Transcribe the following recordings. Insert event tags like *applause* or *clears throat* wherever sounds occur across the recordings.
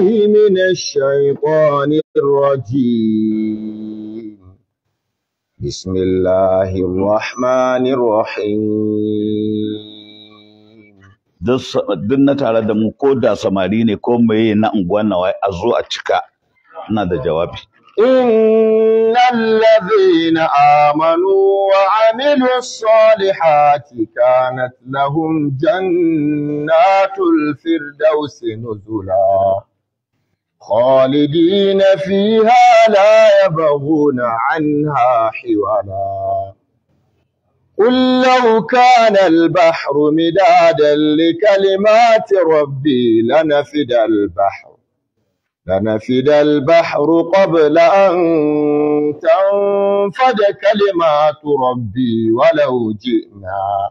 من الشيطان الرجيم بسم الله الرحمن الرحيم duk na tare da mu ko da samari ne ko meye نادا جوابي إن الذين آمنوا وعملوا الصالحات كانت لهم جنات الفردوس نزلاً خالدين فيها لا يبغون عنها حولا قل لو كان البحر مدادا لكلمات ربي لنفد البحر لنفد البحر قبل أن تنفد كلمات ربي ولو جئنا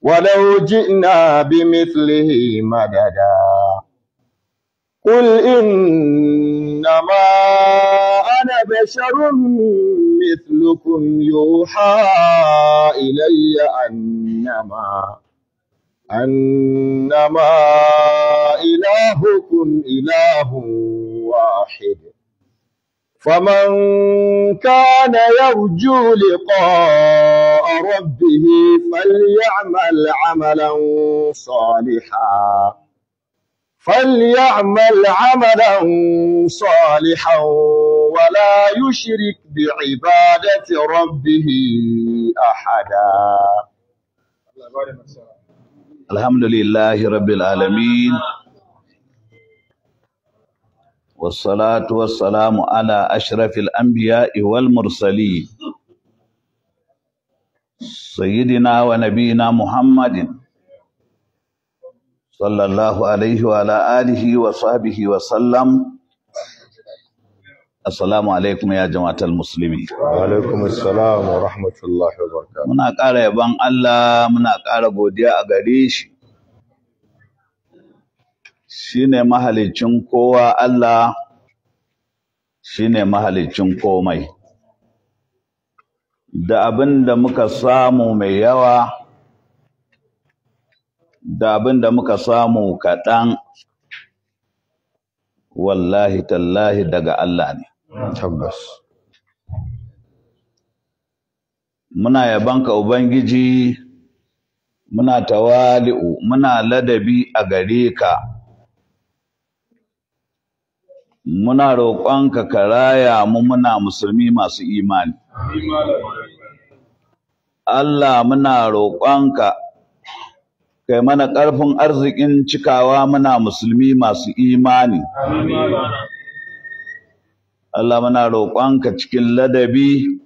ولو جئنا بمثله مددا قل إنما أنا بشر مثلكم يوحى إلي أنما أنما إلهكم إله واحد فمن كان يرجو لقاء ربه فليعمل عملا صالحا فليعمل عملا صالحا ولا يشرك بعبادة ربه أحدا الحمد لله رب العالمين والصلاة والسلام على أشرف الأنبياء والمرسلين سيدنا ونبينا محمد صلى الله عليه وعلى آله وصحبه وسلم Assalamu alaikum ya jama'atar musulmi. Wa alaikum wa rahmatullahi wa barakatuh. Muna ƙara yaban Allah, muna ƙara godiya a gare shi. Shi ne mahalicin kowa Allah, shi ne komai. Da abin da muka samu mai yawa, da abin da muka samu kaɗan wallahi tallahi daga Allah ne. Tabbas. Muna yabanka Ubangiji, muna tawali'u, muna ladabi a gare ka, muna roƙonka ka raya mu muna musulmi masu imani. Allah muna roƙonka kai mana ƙarfin arzikin cikawa muna musulmi masu imani. Allah muna roƙonka cikin ladabi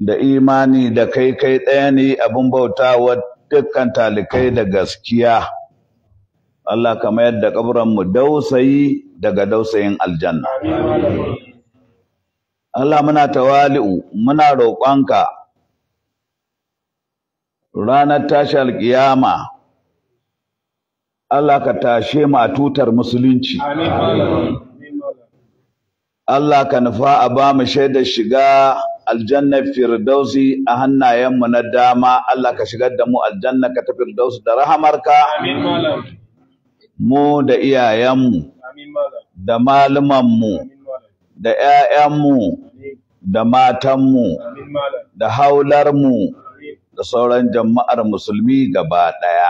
da imani da kai kai ɗaya ne abin bauta wa dukkan talikai da gaskiya. Allah ka mayar da dausayi daga dausayin aljanna. Allah muna tawali'u muna roƙonka ranar tashi alƙiyama Allah ka tashe mu a tutar musulunci Allah ka nufa a ba mu shaidar shiga aljannar firdausi a hannayenmu na dama Allah ka shigar da mu aljanna ka ta firdausi da rahamarka mu da iyayenmu da malumanmu da 'ya'yanmu da matanmu da haularmu da sauran jama'ar musulmi gaba ɗaya.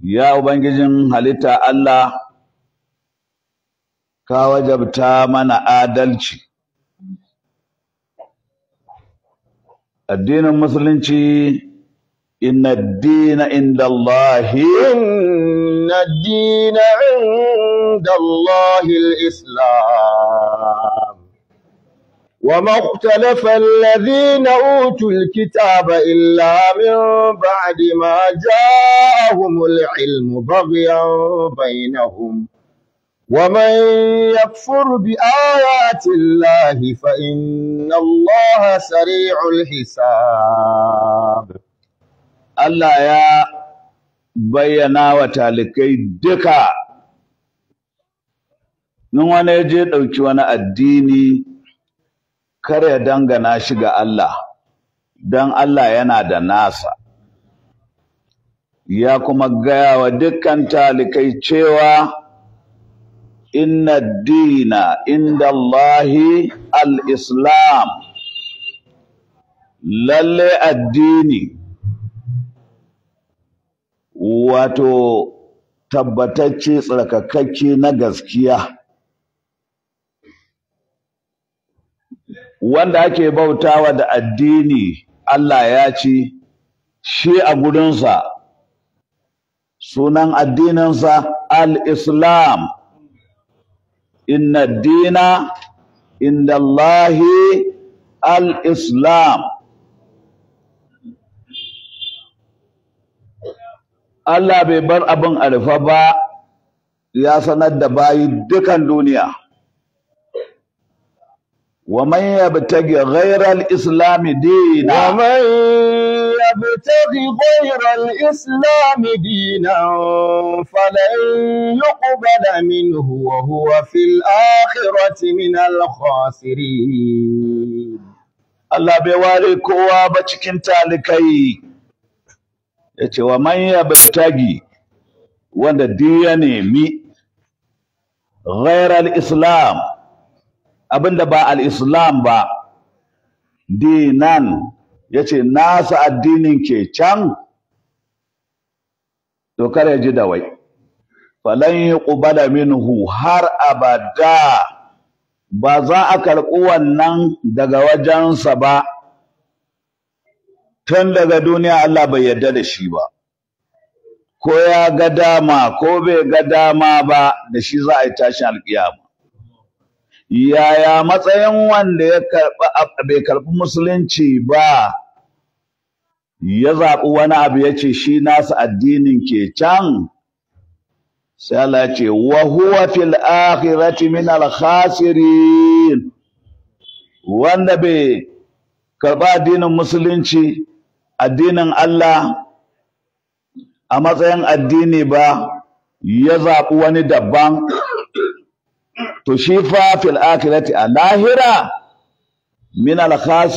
Ya Ubangijin halitta Allah, ka wajabta mana adalci. Addinin Musulunci inna dina inda Allahi. وما اختلف الذين أوتوا الكتاب إلا من بعد ما جاءهم العلم بغيا بينهم ومن يكفر بآيات الله فإن الله سريع الحساب الله يا بينا وتالكي دكا نوانا يجي دوكي وانا الديني kar ya dangana shi ga Allah don Allah yana da nasa ya kuma gaya wa dukkan talikai cewa inna dina inda Allahi al'islam lalle addini wato tabbatacce tsarkakakke na gaskiya wanda ake bautawa da addini Allah ya ci shi a gudunsa sunan addininsa al-islam inna dina inda Allahi al-islam Allah bai bar abin alfa ba ya sanar da bayi dukan duniya ومن يبتغي غير الاسلام دينا ومن يبتغي غير الاسلام دينا فلن يقبل منه وهو في الاخره من الخاسرين الله بواري كوا بچكن تالكي يتي ومن يبتغي وند ديني مي غير الاسلام abinda ba al-islam ba dinan yace nasa addinin ke can to kar ya ji dawai falan yuqbala minhu har abada ba za a karɓi wannan daga wajensa ba tun daga duniya Allah bai yarda da shi ba ko ya ga dama ko bai ga dama ba da shi za a yi tashin alƙiyama yaya matsayin wanda ya karɓi bai karɓi musulunci ba ya zaɓi wani abu ya ce shi nasu addinin ke can sai Allah ce wa huwa fil akhirati min al khasirin wanda bai karɓi addinin musulunci addinin Allah a matsayin addini ba ya zaɓi wani dabban to fa fil akhirati a lahira min al Allah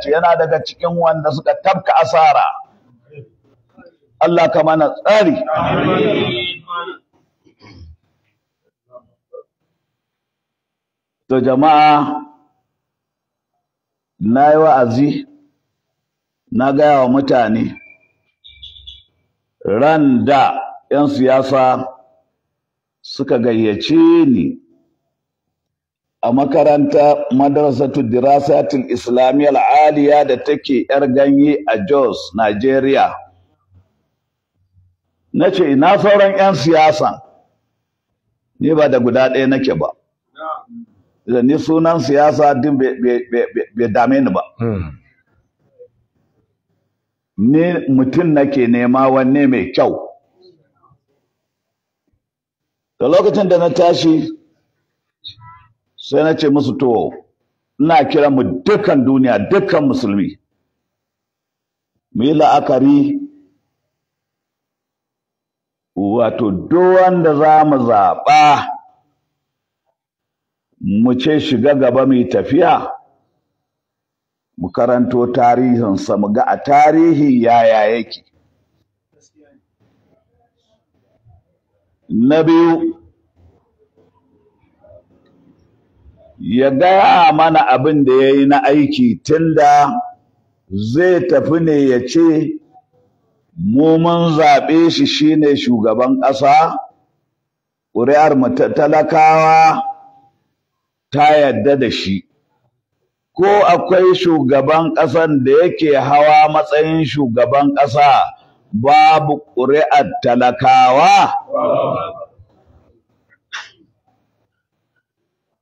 ce yana daga cikin wanda suka tabka asara Allah ka mana tsari to jama'a na yi wa'azi na gaya wa mutane ran da 'yan siyasa suka gayyace ni a makaranta madrasatu dirasatul islamiya aliya da take yar ganye a jos nigeria na ce ina sauran 'yan siyasa ni ba da guda ɗaya nake ba da ni sunan siyasa din bai dame ni ba hmm. ni mutum nake nema wanne mai kyau da lokacin da na tashi sai na ce musu to ina kira mu dukkan duniya dukkan musulmi mu yi la'akari wato da za mu zaɓa mu ce shiga gaba yi tafiya mu karanto tarihinsa mu ga a tarihi yaya yake na biyu ya gaya mana abin da ya yi na aiki tunda zai tafi ne ya ce mu mun zaɓe shi shine shugaban ƙasa ƙuri'ar talakawa ta yadda da shi ko akwai shugaban ƙasan da yake hawa matsayin shugaban ƙasa babu ƙuri'ar talakawa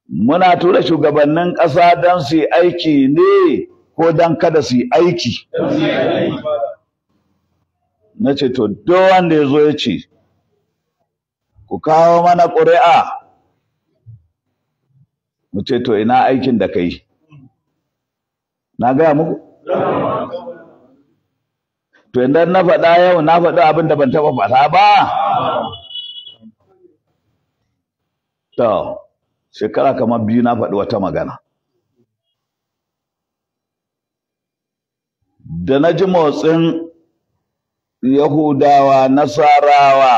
muna tura shugabannin ƙasa don su aiki ne ko don kada su aiki na ce to duk wanda ya zo ya ce ku kawo mana ƙuri'a mu ce to ina aikin da kai na gaya muku to idan na faɗa yau na faɗi abin da ban taɓa faɗa ba to shekara kamar biyu na faɗi wata magana da na ji motsin yahudawa nasarawa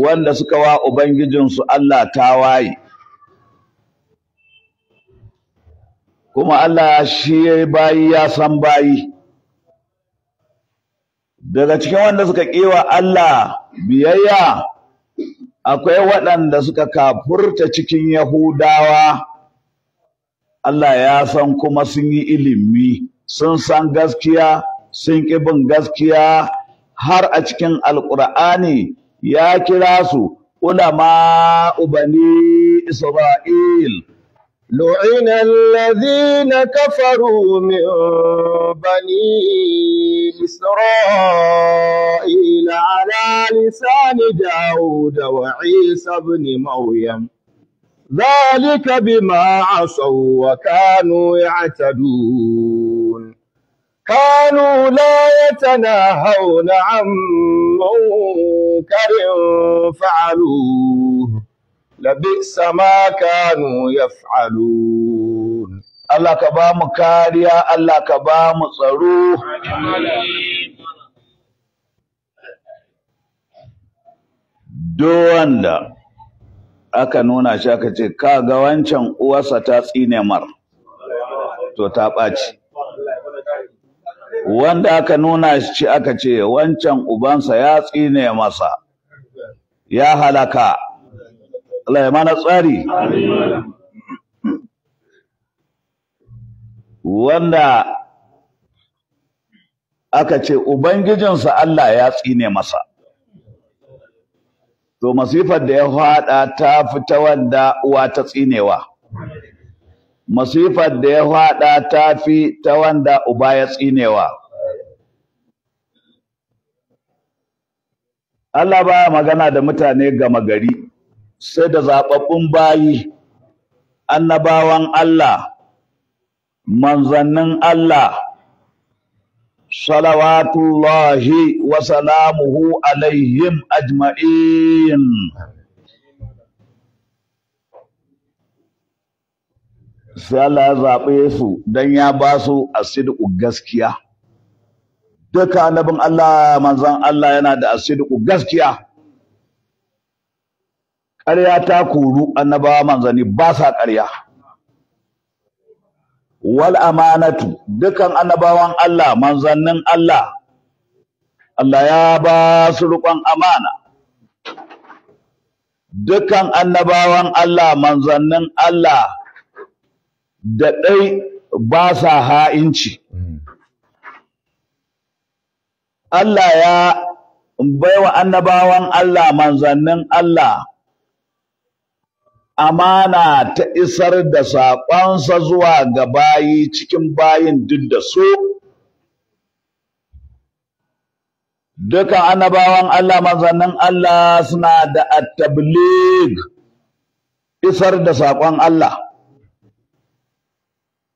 wanda suka wa ubangijinsu allah ta waye. kuma allah shi ya bayi ya san bayi daga cikin wanda suka kewa Allah biyayya akwai waɗanda suka kafurta cikin Yahudawa Allah ya san kuma sun yi ilimi sun san gaskiya sun ƙi bin gaskiya har a cikin alƙur'ani ya kira su ulama ubani Isra'il لعن الذين كفروا من بني إسرائيل على لسان داود وعيسى بن مريم ذلك بما عصوا وكانوا يعتدون كانوا لا يتناهون عن منكر فعلوه لبئس ما كانوا يفعلون الله كبام كاريا الله كبام صرو Dowan da aka nuna shi aka ce, Ka ga wancan uwarsa ta tsine mar, to ta ɓaci. Wanda aka nuna shi aka ce, Wancan ubansa ya tsine masa, ya halaka. Allah ya mana tsari wanda aka ce ubangijinsa Allah ya tsine masa to masifar da ya hada ta fita wanda uwa ta tsinewa masifar da ya haɗa ta fi ta wanda uba ya tsinewa Allah baya magana da mutane gama gari sai da zaɓaɓɓun bayi annabawan Allah manzannin Allah salawatullahi wa salamuhu alaihim ajma'in sai Allah ya zaɓe su don ya ba su asidiku gaskiya duka annabin Allah manzan Allah yana da asidiku gaskiya ƙarya ta koru annabawa manzanni ba sa ƙarya wal amanatu dukan annabawan Allah manzannin Allah Allah ya ba su riƙon amana dukan annabawan Allah manzannin Allah da ɗai ba sa ha'inci Allah ya baiwa annabawan Allah manzannin Allah amana ta isar da saƙonsa zuwa ga bayi cikin bayin duk da su dukan annabawan Allah manzannin Allah suna da at isar da saƙon Allah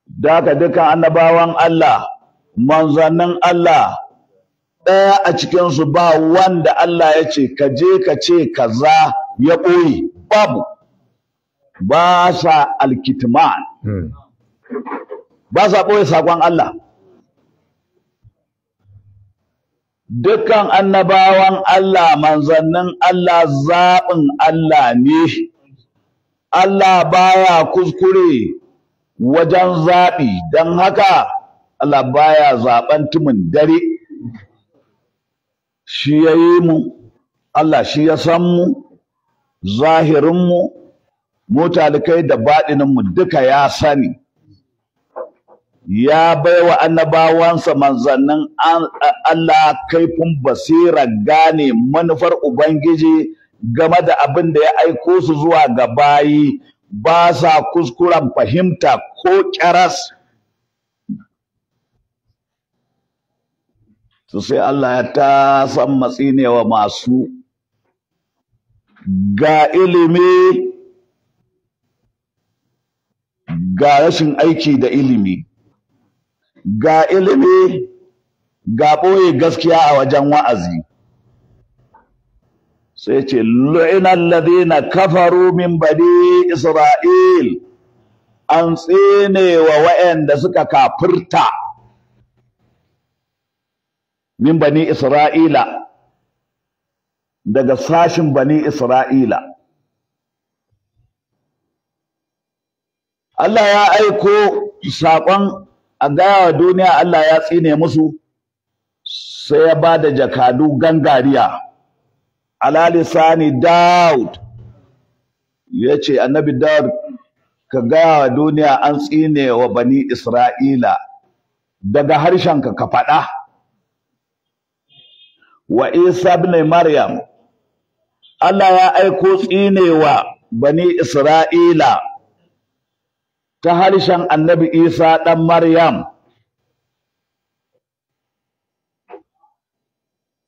daga dukan annabawan Allah manzannin Allah ɗaya a cikinsu ba wanda Allah ya ce ka je ka ce kaza ya ɓoye babu ba sa alkitman hmm. ba sa ɓoye saƙon Allah dukkan annabawan Allah manzannin Allah zaɓin Allah ne Allah baya kuskure wajen zaɓi don haka Allah baya zaɓen tumin dare shi ya yi mu Allah shi ya san mu zahirinmu mota da kai da baɗininmu duka ya sani ya bai wa annabawansa manzannin Allah kaifin basira gane manufar Ubangiji game da abin da ya aiko su zuwa ga bayi ba sa kuskuren fahimta ko ƙyaras. su sai Allah ya ta san matsinewa masu ga ilimi ga rashin aiki da ilimi ga ilimi ga ɓoye gaskiya a wajen wa'azi sai ce lu'inan ladina kafaru min bani isra'il an tsine wa wa'anda suka kafirta min bani isra'ila daga sashin bani isra'ila Allah ya aiko saƙon a gaya duniya Allah ya tsine musu sai ya ba da jakadu gangariya ala sani Daud ya ce annabi Daud ka gaya wa duniya an tsine wa bani Isra'ila daga harshenka ka faɗa wa Isa bin Maryam Allah ya aiko tsinewa bani Isra'ila ta harshen annabi isa ɗan maryam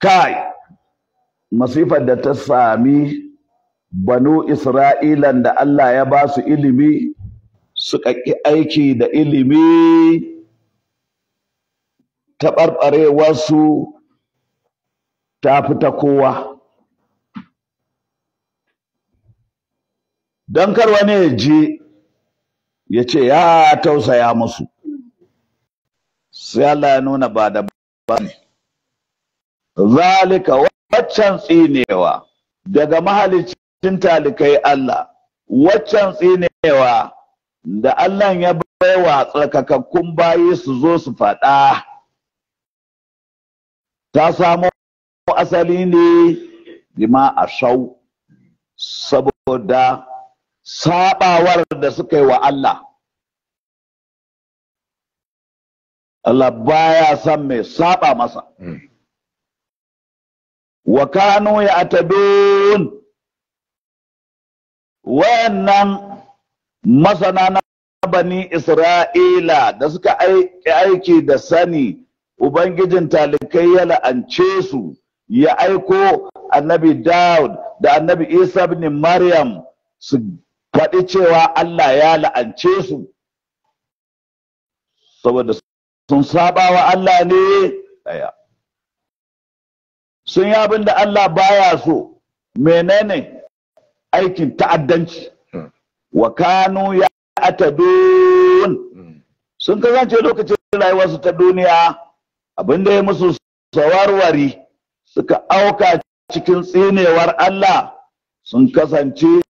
kai masifar da ta sami banu isra'ilan da allah ya ba su ilimi suka ƙi aiki da ilimi taɓarɓarewarsu ta fi ta kowa don kar wani ya je ya ce ya tausaya musu sai Allah ya nuna ba da ba ne zalika waccan tsinewa daga mahalicin talikai Allah waccan tsinewa da Allah ya baiwa tsarkakakkun bayi su zo su faɗa ta samo asali ne bima a shau saboda saɓawar da suka yi wa Allah Allah baya san mai saɓa masa hmm. wa kanu ya atadun wayannan masana na bani Isra'ila da suka aiki da sani Ubangijin talikai ya la'ance su ya aiko annabi Dawud da annabi Isa bin Maryam su faɗi cewa Allah ya la'ance su saboda sun saba wa Allah ne ɗaya sun yi abin da Allah baya so menene aikin ta'addanci hmm. wa kanu ya don sun kasance lokacin rayuwarsu ta duniya abin da ya musu sawarwari suka auka cikin tsinewar Allah sun kasance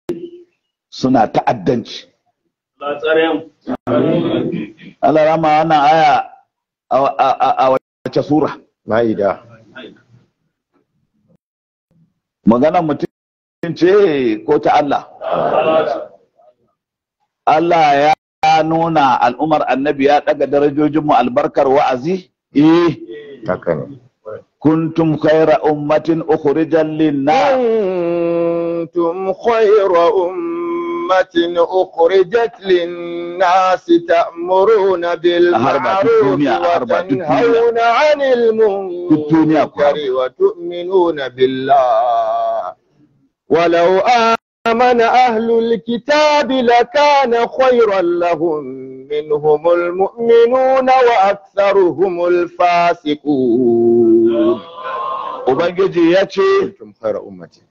suna ta'addanci Allah rama wannan aya a wace sura ma'ida magana mutum ce ko ta Allah Allah ya nuna al'umar annabi ya daga mu albarkar wa'azi eh haka ne kuntum khayra ummatin ukhrijal lin nas kuntum khayra ummatin أمة أخرجت للناس تأمرون بالمعروف وتنهون عن المنكر وتؤمنون بالله ولو آمن أهل الكتاب لكان خيرا لهم منهم المؤمنون وأكثرهم الفاسقون وبنجي يا شيخ خير أمتي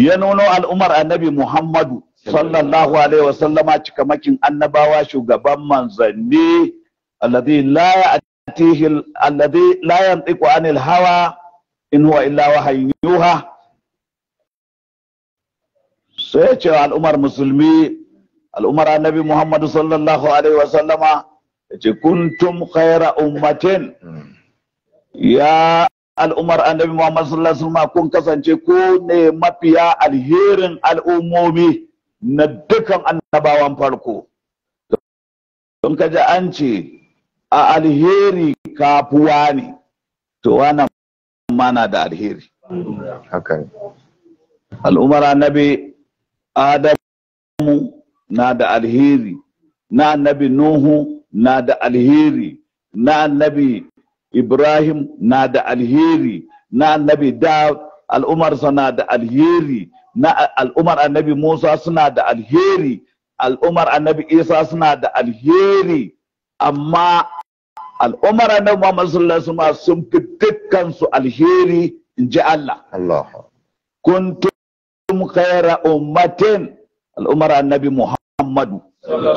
ya nuno al'umar annabi Muhammadu sallallahu alaihi wa sallama. cikamakin annabawa shugaban manzanni alladhi la alladhi la yantiqu anil hawa in huwa illa wahyun yuha sai ce al'umar musulmi al'umar annabi Muhammadu sallallahu alaihi wa sallama. Ya ce kuntum khaira ummatin hmm. ya al'umar annabi Muhammad sallallahu alaihi wasallam kun kasance ko ne mafiya alherin al'ummomi na dukan annabawan farko don ka ji an ce a alheri kafuwa ne to wannan mana da alheri al'umar annabi adamu na da alheri na annabi nuhu na da alheri na annabi Ibrahim na da alheri na annabi da al'umarsa na da alheri na al'umar annabi Musa suna da alheri al'umar annabi Isa suna da alheri amma al'umar annabi Muhammad sallallahu alaihi sun fi dukkan su alheri in ji Allah Allah kuntum khayra ummatin al'umar annabi Muhammadu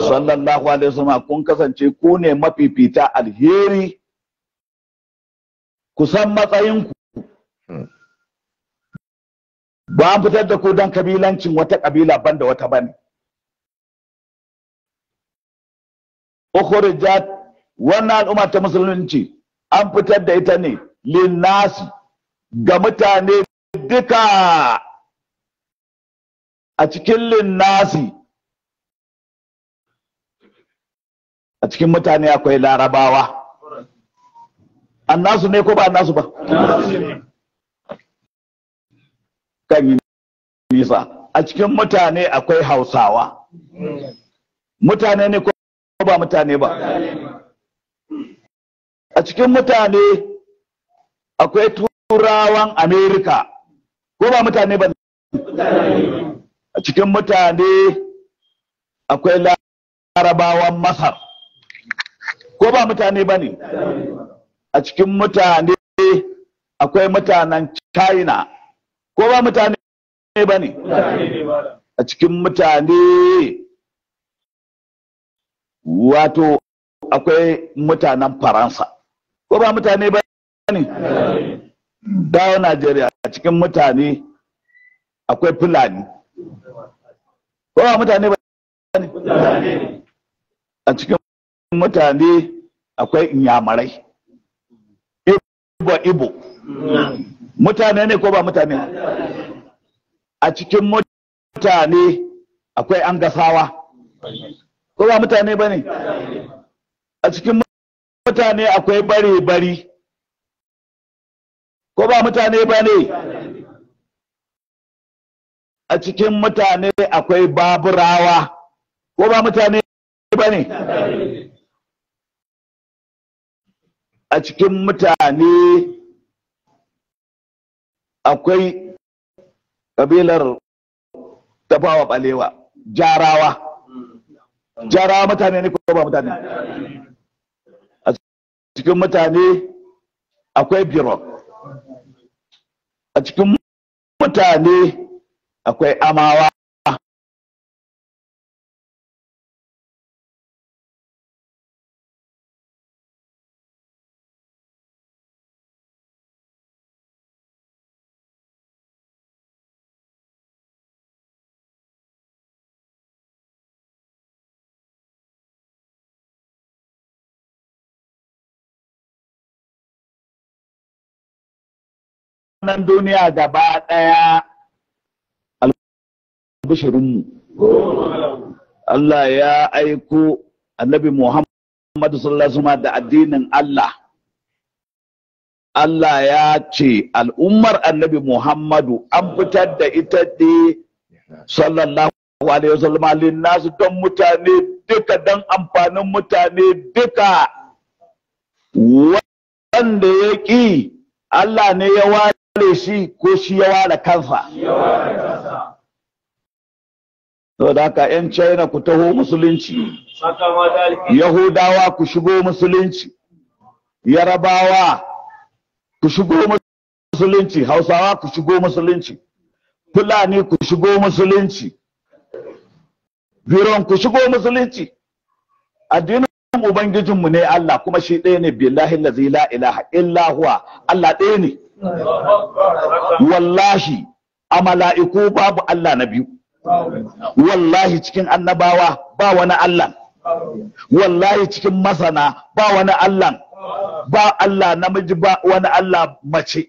sallallahu alaihi wasallam kun kasance ku ne mafifita alheri ku san matsayinku hmm. ba an fitar da ku don kabilancin wata kabila ban da wata bane ukhrijat wannan al'umma ta musulunci an fitar da ita ne linnasi ga mutane duka a cikin linnasi a cikin mutane akwai larabawa annasu ne ko ba annasu ba kan nisa a cikin mutane akwai hausawa mutane ne ko ba mutane ba a cikin mutane akwai turawan amerika ko ba mutane ba a cikin mutane akwai larabawan masar ko ba mutane ba ne a cikin mutane akwai mutanen china ko ba mutane ba ne a cikin mutane wato akwai mutanen faransa ko ba mutane ba ne dawo najeriya a cikin mutane akwai fulani ko ba mutane ba ne a cikin mutane akwai inyamarai ibo mutane ne ko ba mutane a cikin mutane akwai an gasawa ko ba mutane ba ne a cikin mutane akwai bare-bari ko ba mutane ba ne a cikin mutane akwai baburawa ko ba mutane ba ne a cikin mutane akwai ƙabilar tafawa balewa jarawa jarawa mutane ne ko ba mutane a cikin mutane akwai biro a cikin mutane akwai amawa nan duniya gaba ɗaya albishirinmu. Allah ya aiko annabi Muhammadu sallallahu Alaihi da addinin Allah. Allah ya ce al'ummar annabi Muhammadu an fitar da ita ne sallallahu Alaihi wasallama nasu don mutane duka don amfanin mutane duka. Wanda ya ƙi Allah ne ya ware ware shi ko shi ya ware kansa to da haka yan china ku taho musulunci yahudawa ku shigo musulunci yarabawa ku shigo musulunci hausawa ku shigo musulunci fulani ku shigo musulunci biron ku shigo musulunci addinin ubangijinmu ne Allah kuma shi ɗaya ne billahi la ilaha illa huwa Allah ɗaya ne wallahi a mala'iku babu Allah na biyu wallahi cikin annabawa ba wani Allah wallahi cikin masana ba wani Allah ba Allah namiji ba wani Allah mace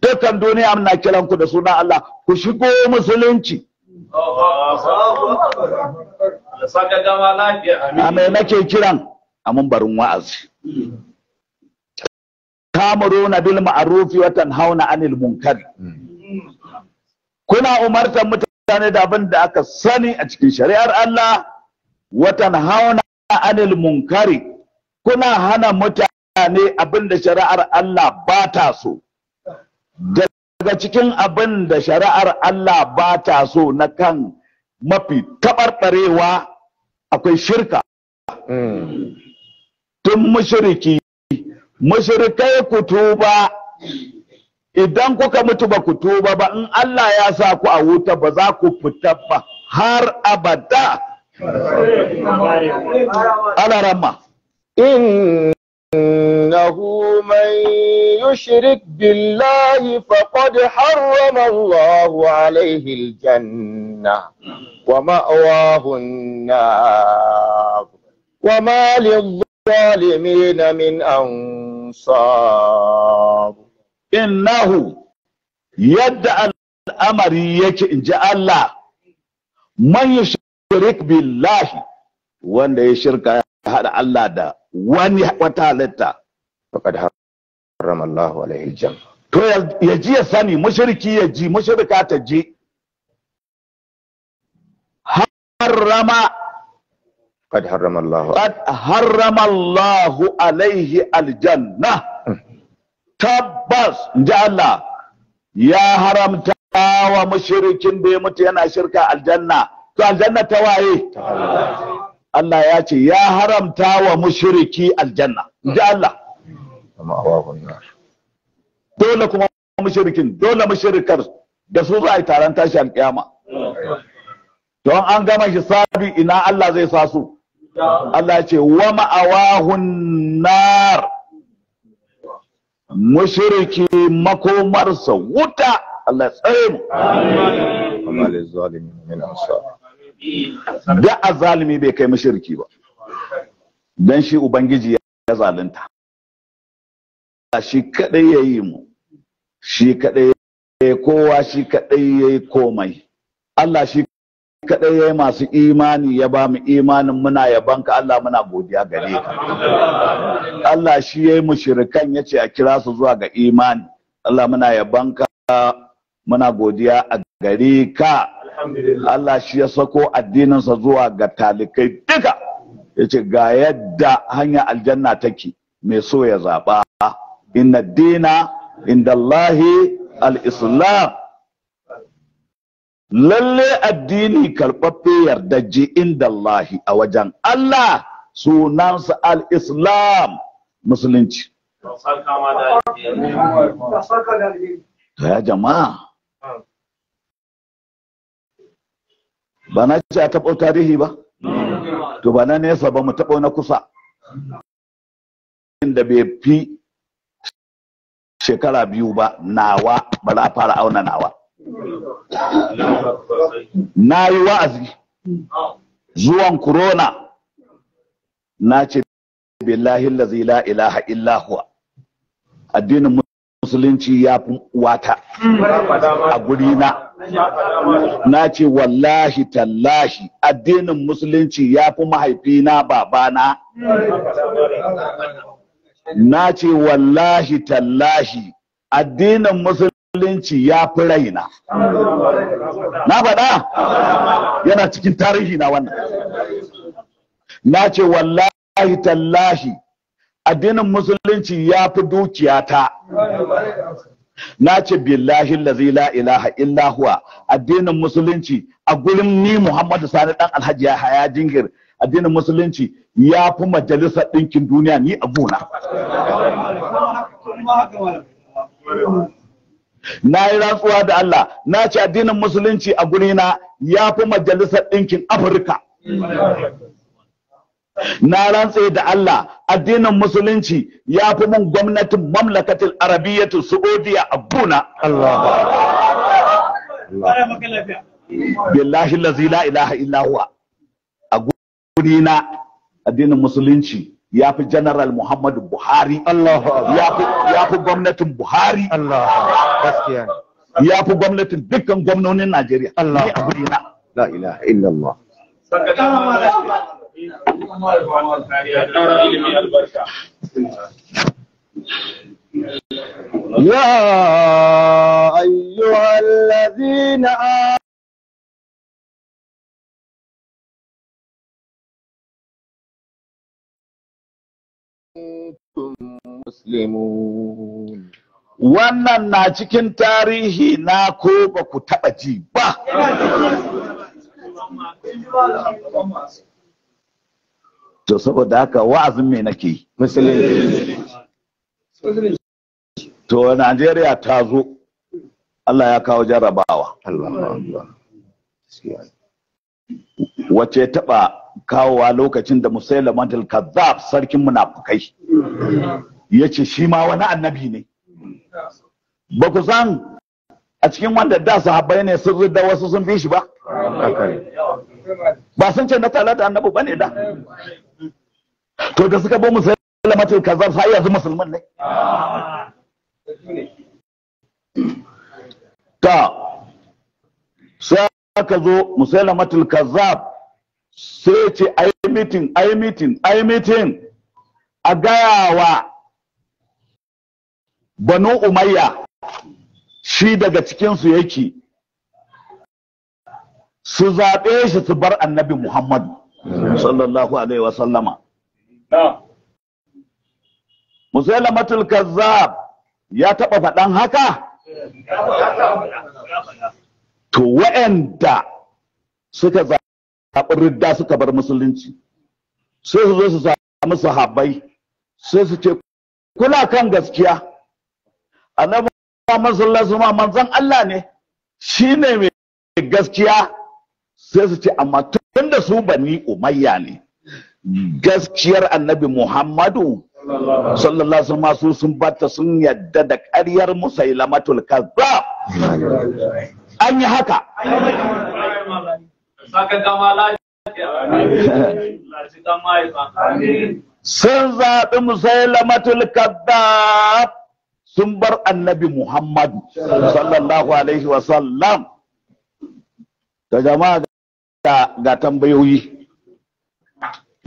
dukkan duniya na kiranku da suna Allah ku shigo musulunci a mai nake kiran a mun barin wa'azi ta'muruna bil ma'ruf wa tanhauna 'anil munkar kuna umartar mutane da abin da aka sani a cikin shari'ar Allah Watan tanhauna 'anil munkari kuna hana mutane abin da shari'ar Allah ba ta so daga cikin abin da shari'ar Allah ba ta so na kan mafi taɓarɓarewa akwai shirka hmm. tun mushriki mushrikai ku tuba idan kuka mutu ba ku tuba ba in Allah ya sa ku a wuta ba za ku fita ba har abada alarama إنه من يشرك بالله فقد حرم الله عليه الجنة ومأواه النار وما للظالمين من أنفسهم ansar innahu yadda al'amari yake in ji Allah man yushrik billahi wanda ya shirka ya haɗa Allah da wani wata halitta Allah to ya ji ya sani mushriki ya ji mushrika ta ji rama. قد حرم الله قد حرم الله عليه الجنة تبس جعل يا حرمت ومشركين بمتين شركة الجنة الجنة تواهي Allah ya ce ya haramta wa aljanna ji Allah dole kuma mushrikin dole mushrikar da su za a yi taron tashi alkiyama don an gama hisabi ina Allah zai sa su Allah ce wa ma'awahun nar mushriki makomarsa wuta Allah tsare mu da zalimi bai kai mushriki ba dan shi ubangiji ya zalunta shi kadai yi mu shi kadai kowa shi kadai yi komai Allah shi kaɗai ya yi masu imani ya ba mu imanin muna yaban ka Allah muna godiya gare ka. Allah shi ya yi mushirikan ya ce a kira su zuwa ga imani. Allah muna yaban ka muna godiya a gare ka. Allah shi ya sako addininsa zuwa ga talikai duka. Ya ce ga yadda hanya aljanna take mai so ya zaɓa. Inna dina inda Allahi al-Islam. lalle addini karɓaɓɓe yarda inda indallahi a wajen Allah sunansa al-islam musulunci ya jama'a ba ce a taɓo tarihi ba to ba na nesa ba mu taɓa na kusa da bai fi shekara biyu ba nawa ba za fara auna nawa na yi wa'azi zuwan korona na ce billahi lazi la ilaha illahuwa addinin musulunci ya fi wata a gurina na ce wallahi tallahi addinin musulunci ya fi mahaifina babana na ce wallahi tallahi addinin musulunci musulunci ya fi raina na faɗa yana cikin tarihi na wannan na ce wallahi tallahi addinin musulunci ya fi ta, na ce billahi lazi la ilaha illa huwa addinin musulunci a gurin ni muhammadu sani ɗan alhaji ya haya jingir addinin musulunci ya fi majalisar ɗinkin duniya ni a gona na yi rantsuwa da Allah na ci addinin musulunci a gurina ya fi majalisar ɗinkin afirka na rantse da Allah addinin musulunci ya fi mun gwamnatin mamlakatin arabiyyatu su'udiya a guna billahi la ilaha illahuwa a gurina addinin musulunci ya fi general muhammadu buhari ya fi gwamnatin buhari ya fi gwamnatin dukkan gwamnonin najeriya ne a gudina يا أيها الذين آمنوا muslimun wannan na cikin tarihi na ko ba ku taba ji ba to saboda haka wa'azin me nake musulunci to Najeriya ta zo Allah ya kawo jarrabawa wace taba kawowa lokacin da musailamatul kazzab sarkin munafukai ya ce shi ma wani annabi ne ba ku san a cikin wanda da sahabbai ne sun rida wasu sun bi shi ba ba sun ce na talata annabi ba ne da to da suka bi musailamatul kazzab sai yanzu musulman ne ta sai aka zo musailamatul kazzab sai ce ai mitin ai mitin ai mitin a gaya wa banu umayya shi daga cikinsu yake su zaɓe shi su bar annabi muhammadu sallallahu alaihi wasallama musailamatul kazzab ya taɓa faɗan haka to wa'anda suka zaɓin ridda suka bar musulunci sai su zo su samu sahabbai sai su ce kula kan gaskiya annabi Muhammad sallallahu alaihi manzon Allah ne shine mai gaskiya sai su ce amma tunda su bani umayya ne gaskiyar annabi Muhammadu sallallahu alaihi wasallam su sun bata sun yadda da ƙaryar musailamatul kazzab an yi haka saka gama sun zaɓi musailamatul kazzab sun bar annabi muhammadu sallallahu alaihi wasallam ta jama'a ga tambayoyi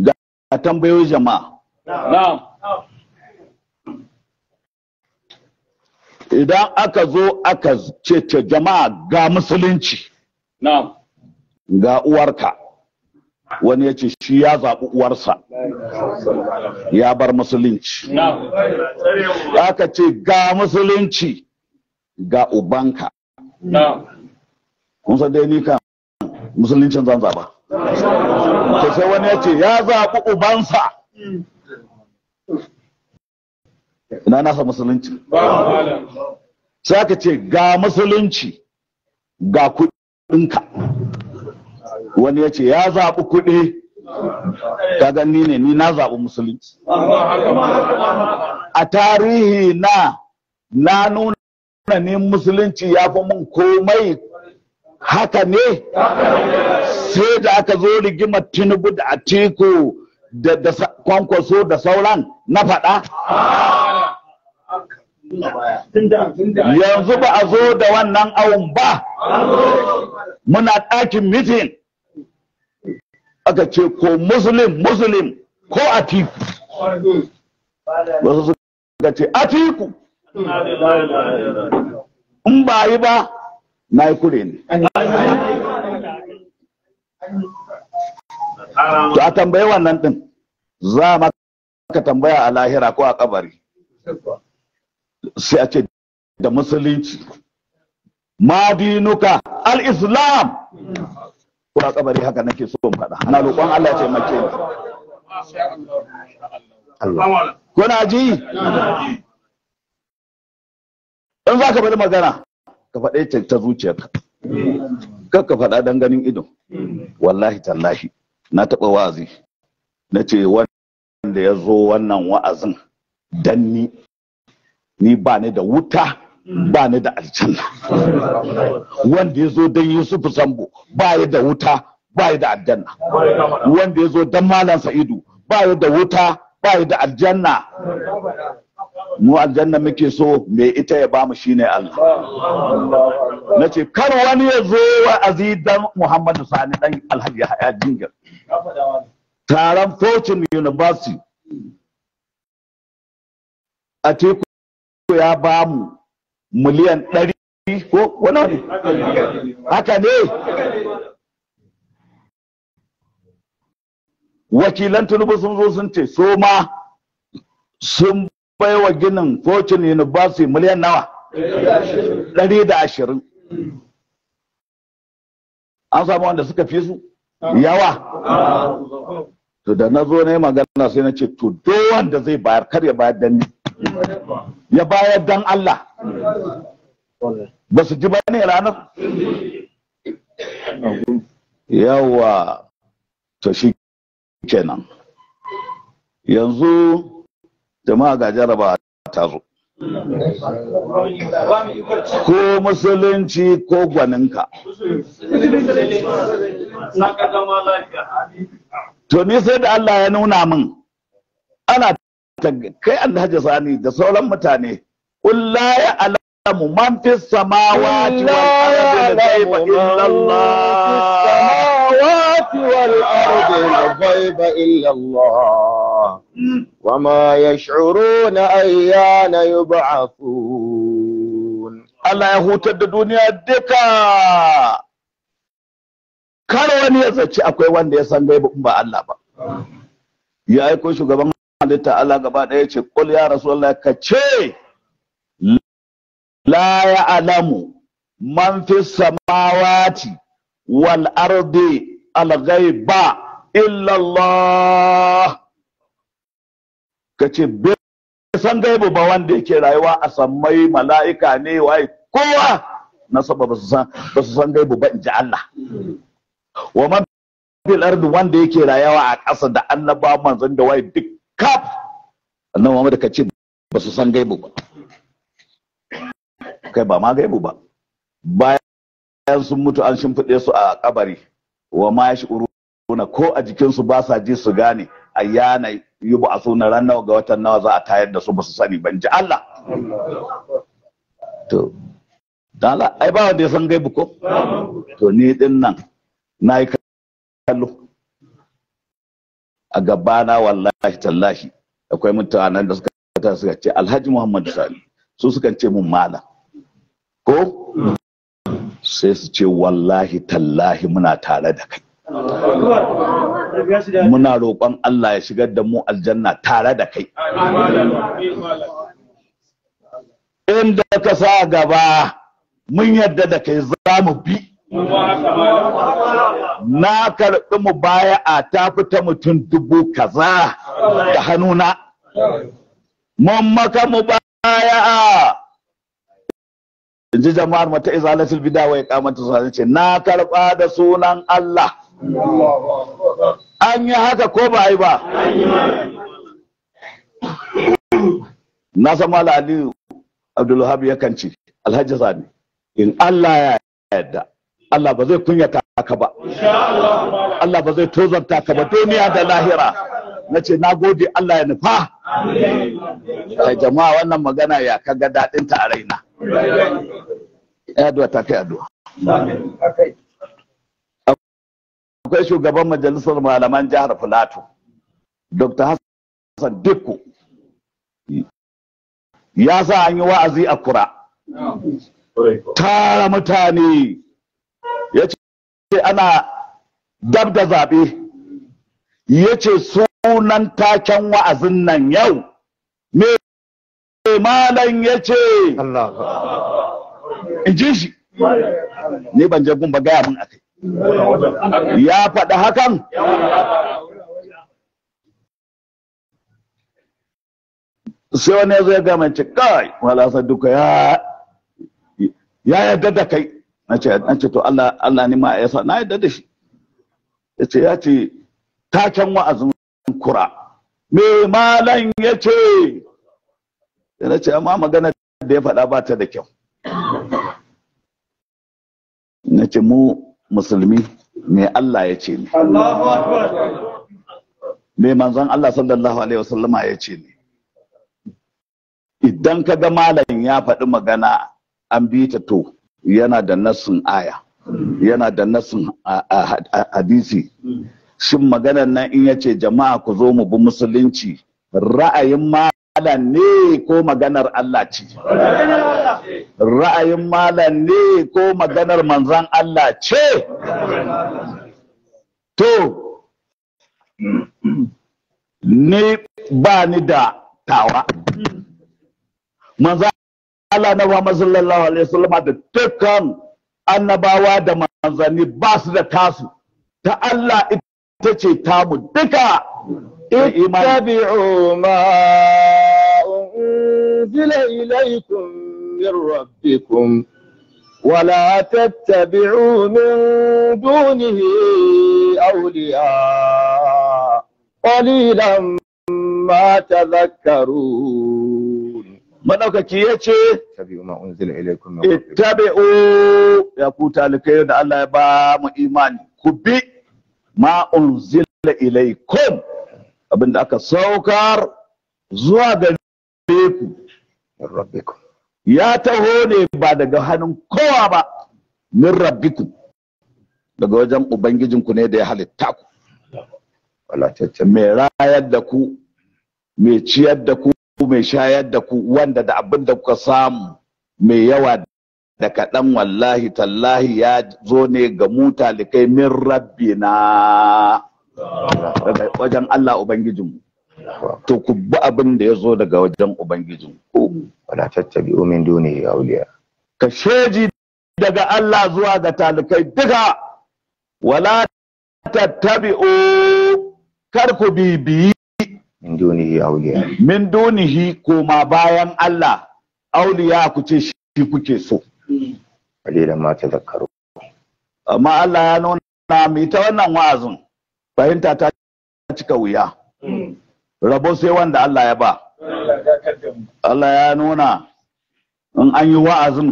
ga tambayoyi jama'a idan aka zo aka ce jama'a ga musulunci na'am ga uwarka wani ya ce shi ya zaɓi uwarsa ya bar musulunci aka ce ga musulunci ga ubanka kun san dai ni kan musuluncin zan zaɓa to sai wani ya ce ya zaɓi ubansa ina nasa musulunci sai aka ce ga musulunci ga kuɗinka wani ya ce ya zaɓi kuɗi ta gani ne ni na zaɓi musulunci a tarihi na na nuna ni musulunci ya fi mun komai haka ne sai da aka zo rigimar tinubu da atiku da kwankwaso da sauran na faɗa yanzu ba a zo da wannan awon ba muna ɗakin mitin aka ce ko muslim muslim ko atiku wasu suka ce atiku in ba yi ba na yi kure ne to a tambayi wannan din za maka tambaya a lahira ko a kabari sai a ce da musulunci madinuka al-islam ko kabari haka nake so in faɗa ana roƙon Allah ce mace ni. kuna ji in za ka faɗi magana ka faɗe ta ta zuciyarka kar ka faɗa dan ganin ido wallahi tallahi na taɓa wa'azi na ce wanda ya zo wannan wa'azin dan ni ni ba ni da wuta ba ni da aljanna wanda ya zo don yusufu sambo ba ya da wuta ba ya da aljanna wanda ya zo don malam sa'idu ba ya da wuta ba ya da aljanna mu aljanna muke so mai ita ya bamu shine Allah na ce kar wani ya zo wa azidan muhammadu sani dan alhaji haya jingir taron fortune university a teku ya bamu miliyan ɗari ko wani haka ne wakilan tunubu sun zo sun ce so ma sun wa ginin fortune university miliyan nawa ɗari da ashirin an samu wanda suka fi su yawa to da na zo na yi magana sai na ce to do wanda zai bayar kar ya bayar da ya bayar dan Allah ba su ji ba ne ranar yawa ta shi kenan yanzu jama'a ga jaraba ta zo ko musulunci ko gwaninka to ni sai da Allah ya nuna min ana kai alhaji sani da sauran mutane kulla ya alamu man fi samawati wal ardi illa Allah wal ardi illa Allah wama yash'uruna ayyana yub'athun Allah ya hutar da duniya duka kar wani ya zaci akwai wanda ya san bai ba Allah ba ya aiko shugaban halitta Allah gaba ɗaya ce qul ya rasulullah ka ce la alamu man fi samawati wal ardi al ghaiba illa Allah ka ce bai san gaibu ba wanda yake rayuwa a sammai mala'ika ne waye kowa na saba ba su san gaibu ba in ji Allah wa man fil ardi wanda yake rayuwa a ƙasa da annaba manzon da waye duk kaf annan Muhammad ka ce ba su san gaibu ba kai ba ma gaibu ba bayan sun mutu an shimfiɗe su a kabari wa ma na ko a jikinsu ba sa ji su gane ayyana yi ba a suna ran nawa ga watan nawa za a tayar da su ba su sani ban ji Allah to dala ai ba wanda ya san gaibu ko to ni din nan nayi kallo a gabana wallahi tallahi akwai mutanen da suka ta suka ce alhaji muhammad sani su suka ce mun mala ko sai su ce wallahi tallahi muna tare da kai muna roƙon Allah ya shigar da mu aljanna tare da kai inda ka sa gaba mun yarda da kai za mu bi na karɓi mu baya a ta fita mutum dubu kaza da hannuna mun maka mu baya a in ji jama'ar mata izalatul bida wa iqamatu salat ce na karɓa da sunan Allah an yi haka ko ba yi ba na san mala aliyu abdulwahab yakan ci alhaji sani in Allah ya yarda Allah ba zai kunyata ka ba Allah ba zai tozarta ka ba duniya da lahira na ce na gode Allah ya nufa kai jama'a wannan magana ya kaga daɗin ta a raina yaduwa ta kai addu'a akwai shugaban majalisar malaman jihar filato dr hassan dikko ya sa an yi wa'azi a kura tara mutane ana dab da zaɓe ya ce sunan taken wa'azin nan yau me malan ya ce in ji shi ne ban je ba gaya mun akai ya faɗi hakan sai wani ya zo ya gama ce kai wala duka ya yadda da kai na ce to Allah Allah ne ma ya sa na yadda da shi ya ce ya ce can wa'azin kura me malan ya ce na ce amma magana da ya faɗa ba ta da kyau na ce mu musulmi me Allah ya ce ne me manzon Allah sallallahu alaihi wasallama ya ce ne idan ka ga malam ya faɗi magana an bi ta to yana da nassin aya yana da nassin hadisi shin maganar nan in yace jama'a ku zo mu bi musulunci ra'ayin malam ne ko maganar Allah ce ra'ayin malam ne ko maganar manzan Allah ce to ni ba ni da tawa manzan Allah na Muhammad sallallahu alaihi wasallam da dukkan annabawa da manzanni ba su da tasu ta Allah ita ce mu duka ittabi'u ma unzila ilaykum min rabbikum ولا تتبعوا من دونه أولياء قليلا ما تذكرون madaukaki ya ce ittabi'u ya ku talikai da Allah ya ba mu imani ku bi ma unzila ilaikum abinda aka saukar zuwa gare ku ya taho ne ba daga hannun kowa ba min rabbikum daga wajen ubangijinku ne da ya halitta ku walatacce mai rayar da ku mai ciyar da ku mai shayar da ku wanda da abin da kuka samu mai yawa da kaɗan wallahi tallahi ya zo ne ga mu talikai min rabbi na. wajen Allah Ubangijin To ku bi abin da ya zo daga wajen Ubangijin. Wala tattabi umin duni ya wuliya Ka sheji daga Allah zuwa ga talikai duka. Wala tattabi kar ku bibi. min dunihi awliya min dunihi koma bayan Allah awliya ku ce shi kuke so kalilan ma amma Allah ya nuna mu ta wannan wa'azin fahimta ta cika wuya rabo sai wanda Allah ya ba Allah ya nuna in an yi wa'azin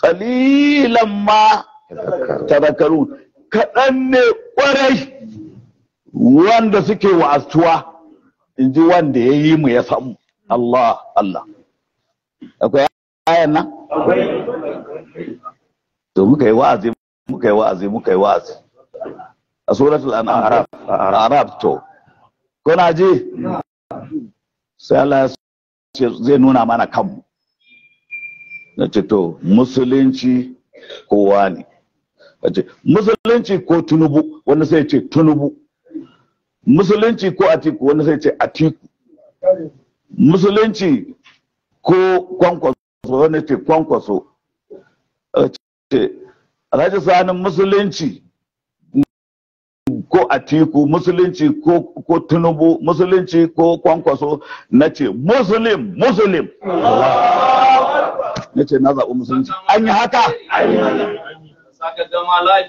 kalilan ma ta tazakkaru kaɗan ne kwarai. wanda suke wa'astuwa in ji wanda ya yi mu ya samu Allah Allah akwai ayan nan to muka yi wa'azi muka yi wa'azi muka yi wa'azi a suratul an'am arab to Ko na ji sai Allah ya ce zai nuna mana kanmu na ce to musulunci kowa ne musulunci ko tunubu wanda sai ce tunubu musulunci ko atiku wani sai ce atiku musulunci ko kwankwaso wani ce kwankwaso alhaji sanin musulunci ko atiku musulunci ko tunubu musulunci ko kwankwaso na ce musulim musulim na ce na zaɓi musulunci an yi haka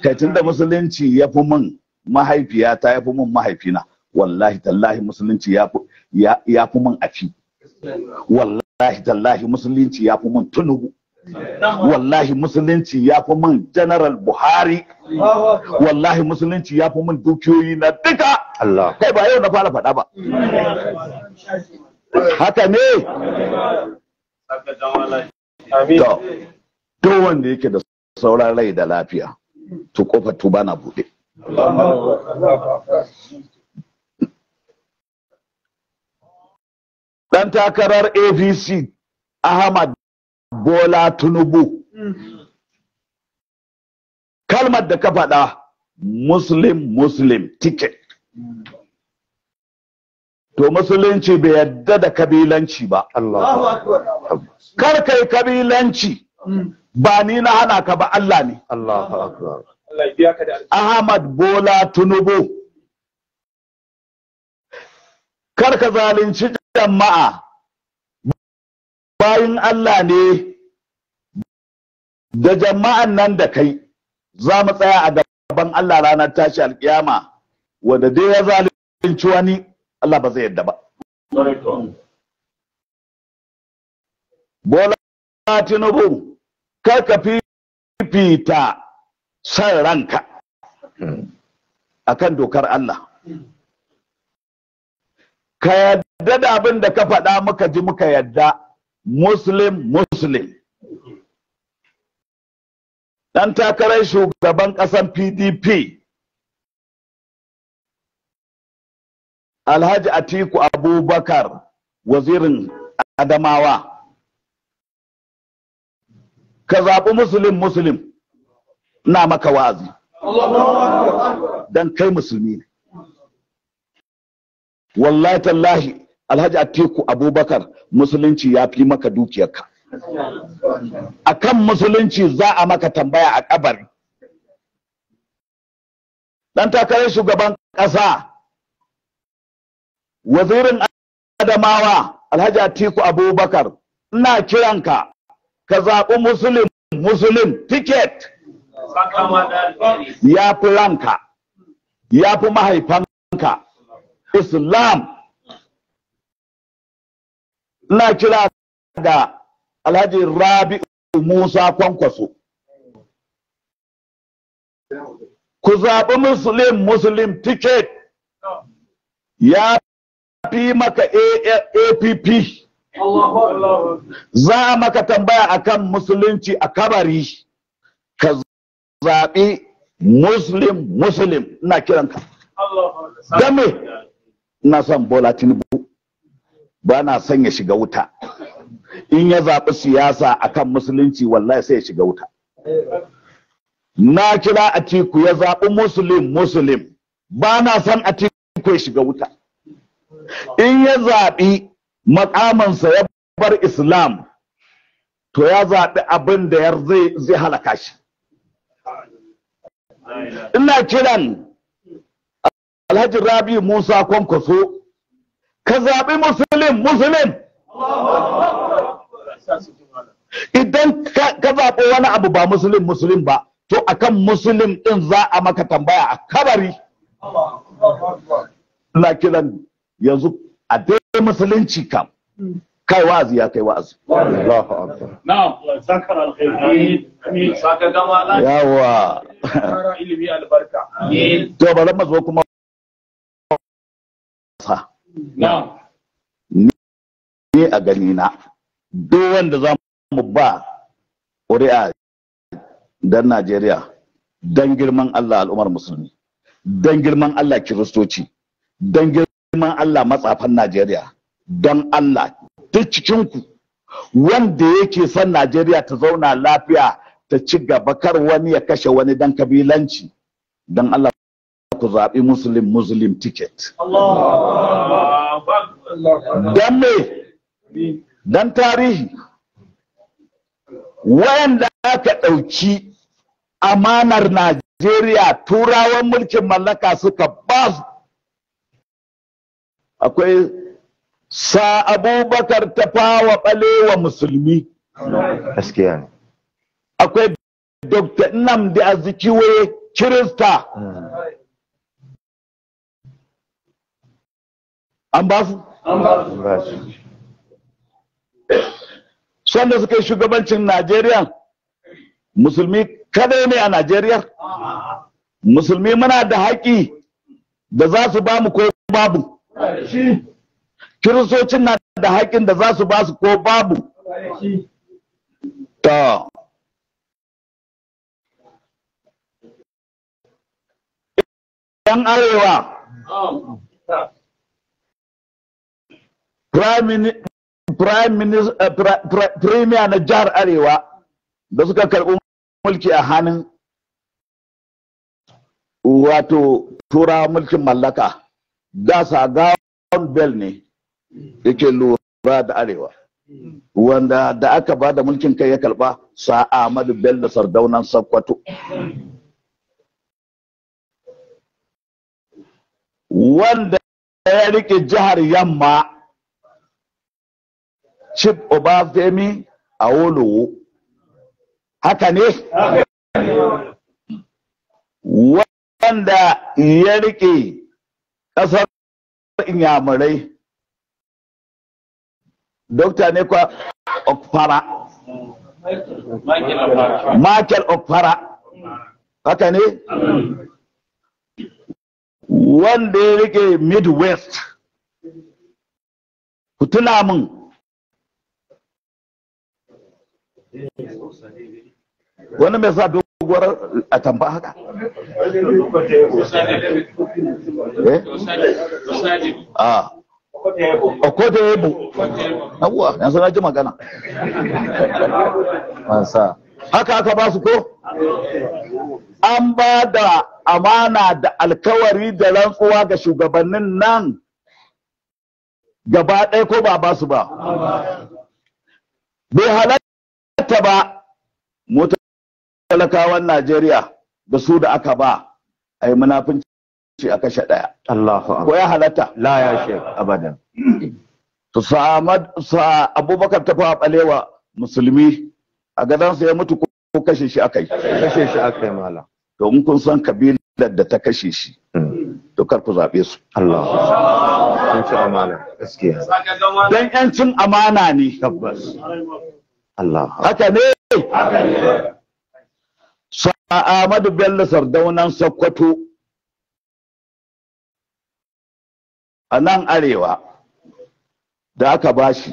Kacin da musulunci ya fi min mahaifiyata ya fi mun mahaifina wallahi tallahi musulunci ya fi mun afi wallahi tallahi musulunci ya fi mun tunubu wallahi musulunci ya fi mun general buhari wallahi musulunci ya fi mun dukiyoyi na duka kai ba yau na fara faɗa ba haka ne to wanda yake da sauran rai da lafiya to kofar tuba na buɗe Ɗan takarar APC Ahmad Bola Tinubu. Kalmar da ka faɗa Muslim Muslim ticket. To Musulunci bai yadda da kabilanci ba. Kar kai kabilanci ba ni na hana ka ba Allah ne. Ahmad Bola Tunubu kar ka zalunci jama'a bayan Allah ne da jama'an nan da kai za mu tsaya a gaban Allah ranar tashi alkiyama wanda dai ya zalunci wani Allah ba zai yadda ba Bola Tinubu kar ka fifita san ranka hmm. a kan dokar Allah ka yadda da abin da ka faɗa muka ji muka yadda muslim muslim Ɗan takarar shugaban ƙasan pdp alhaji atiku abubakar wazirin adamawa ka zaɓi Muslim, Muslim! ina maka wazi dan kai musulmi ne wallahi tallahi alhaji atiku abubakar musulunci ya fi maka dukiyarka a kan musulunci za a maka tambaya a kabari Ɗan takarar shugaban ƙasa wazirin adamawa alhaji atiku abubakar ina kiranka ka zaɓi musulun musulun tiket ya fi ranka ya fi mahaifanka islam Ina kira da alhaji rabi musa kwankwaso ku zaɓi musulun musulun ticket ya fi maka app za a maka tambaya akan musulunci a kabari zaɓi muslim muslim ina kiranka game ina son bola tinubu ba na son ya shiga wuta in ya zaɓi siyasa akan musulunci wallahi sai ya shiga wuta na kira atiku ya zaɓi muslim muslim ba na son atiku ya shiga wuta in ya zaɓi makamansa ya bar islam to ya zaɓi abin da zai halaka shi ina kiran alhaji rabi musa kwankwaso ka zaɓi musulun musulun idan ka zaɓi wani abu ba musulun musulun ba to akan musulun ɗin za a maka tambaya a kabari ina kiran yanzu a dai musulunci kam kai wa'azi ya kai wa'azi Allahu akbar na'am zakar alkhair amin saka gama lafiya yawa kara ilimi albarka amin to bari mu zo kuma sa na'am ni a gani na duk wanda za mu ba ƙuri'a dan Najeriya dan girman Allah al'ummar musulmi dan girman Allah kiristoci dan girman Allah matsafan Najeriya don Allah ta cikinku wanda yake son Najeriya ta zauna lafiya ta ci gaba kar wani ya kashe wani dan kabilanci dan Allah ku zaɓi muslim muslim ticket dan me dan tarihi wayanda aka ɗauki amanar Najeriya turawan mulkin mallaka suka ba akwai sa abubakar ta fawa balewa musulmi gaskiya ne akwai dr nnamdi azikiwe kirista an ba su sanda suka yi shugabancin najeriya musulmi kadai ne a najeriya musulmi muna da haƙi da za su ba mu ko babu kiristocin na da haƙƙin da za su ba su ko babu ta yan arewa eh, premier na jihar arewa da suka karɓi mulki a hannun wato turawa mulkin mallaka gasa gawon bel ne yake lura da arewa wanda da aka ba da mulkin kai ya karba sa Ahmadu Bello Sardaunan Sakkwato wanda ya rike jihar yamma Chief Obafemi Awolowo haka ne wanda ya rike ƙasar inyamurai dokta Nekwa Okpara okfara michael Okpara haka ne wanda ya rike midwest ku tuna min wani mai sa doguwar a tamba haka a Okodebo. Yawwa, yanzu na ji magana. Haka aka ba su ko? An ba da amana da alkawari da rantsuwa ga shugabannin nan gaba ɗaya ko ba ba su ba. Bai halatta ba mutalakawan Najeriya da su da aka ba a yi munafinci. ce a kashe ɗaya. Allahu Ko ya halatta? La ya shi abadan. *clears throat* To Sa'amad sa Abubakar ta fawa balewa musulmi a gadansa ya mutu ko kashe shi akai. Kashe shi akai mala. To in kun san kabilar da ta kashe shi. Mm. To kar ku zaɓe su. Allah. Yancin amana. Gaskiya. Dan yancin amana ne. Tabbas. Allah. Haka ne. Haka ne. Sa'amadu Bello Sardaunan Sokoto a nan arewa da aka ba shi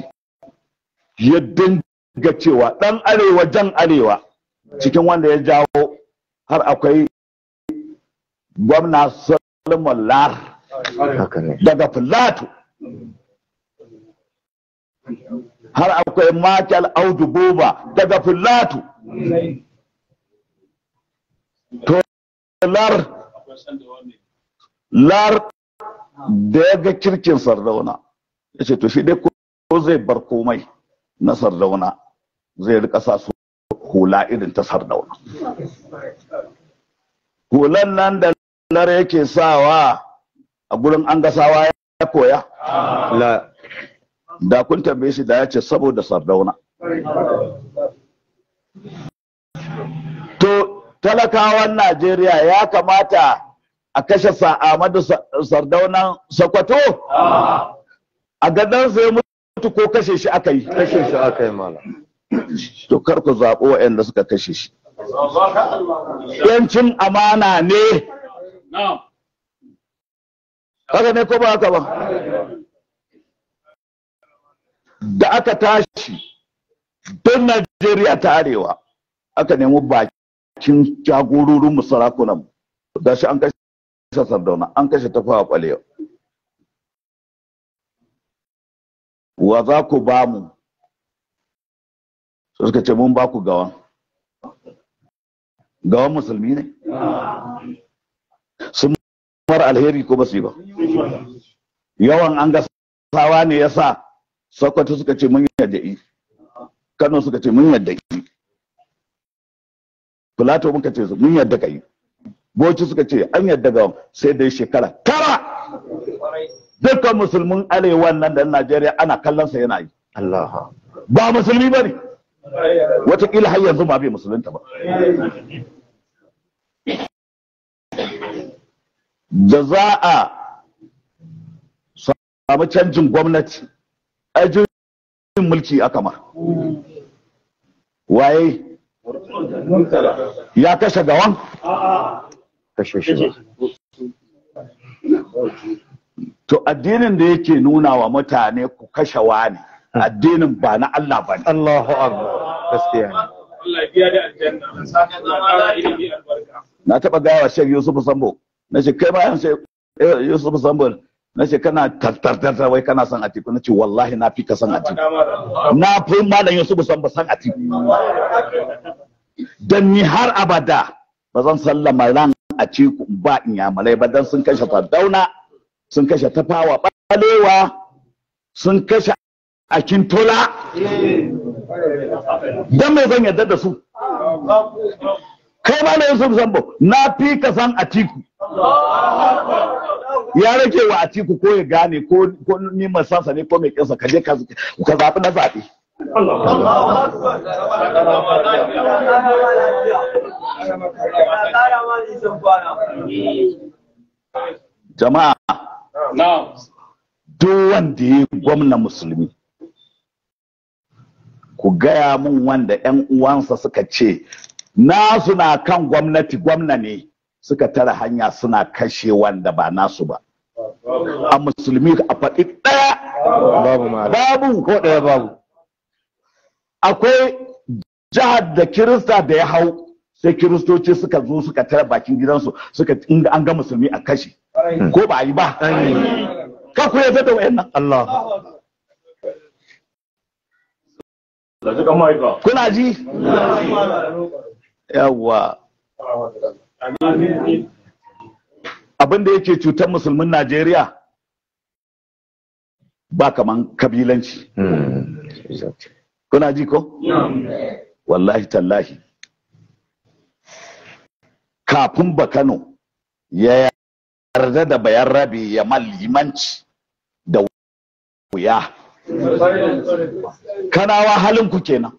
ya dinga cewa ɗan arewa jan arewa cikin wanda ya jawo har akwai gwamna solomon lar daga filato har akwai makal audu buba daga filato to lar lar da ya ga kirkin sardauna ya ce to shi dai ko zai bar komai na sardauna zai rika sa su hula irin ta sardauna hulan nan da lar yake sawa a gurin an sawa ya koya da kun tambaye shi da ya ce saboda sardauna to talakawan najeriya ya kamata a kashe Ahmadu Sardaunan Sokoto? A gadon sai mutu ko kashe shi aka yi? Kashe shi aka yi To kar ku zaɓo waɗanda suka kashe shi. Yancin amana ne. Haka ne ko ba haka ba? Da aka tashi, don Najeriya ta arewa, aka nemi bakin jagororin mu sarakunan. shi an kashe da wani an kashe tafawa yau. wa za ku ba mu su suka ce mun ba ku gawan gawan musulmi ne sun mar alheri ko ba su yi ba yawan an ga sawa ne ya sa sokoto suka ce mun yadda yi kano suka ce mun yadda yi plato muka ce mun yadda ka yi bauchi suka ce an yadda ga sai dai shekara tara dukkan musulmin arewa nan da najeriya ana kallon sa yana yi ba musulmi ba ne har yanzu ba bai musulunta ba da za a samu canjin gwamnati ajin mulki a ma waye ya kashe gawan kashe shi ba to addinin da yake nuna wa mutane ku kashe wani addinin ba na Allah ba ne Allahu gaskiya ne na taɓa gawa shek Yusuf Sambo na ce kai bayan sai eh, Yusuf Sambo na ce kana tartartar wai kana son atiku na ce wallahi na fi ka son atiku na fi malam Yusuf Sambo son atiku dan ni har abada ba zan sallama ran a ci ba inyamalai ba don sun kashe Faddauna, sun kashe tafawa balewa sun kashe akintola don mai zan yadda da su kai ma na yusuf zambo na fi ka san tiku ya rage wa tiku ko ya gane ko ni masansa ne ko mai kinsa ka je ka zaɓi na zaɓe jama'a duk wanda ya gwamna musulmi ku gaya mun wanda 'yan uwansa suka ce nasu na kan gwamnati gwamna ne suka tara hanya suna kashe wanda ba nasu ba a musulmi a faɗi ɗaya babu ko ɗaya babu akwai jihar da kirista da ya hau sai kiristoci suka zo suka tara bakin gidansu suka inda an ga musulmi a kashi ko ba yi ba ka ku yarda da wayannan Allah kuna ji yawa abin da yake cutar musulmin Najeriya ba kaman kabilanci hmm. kuna ji ko wallahi tallahi kafin Bakano ya yarda da bayan rabi ya malimanci da wuya kanawa halinku kenan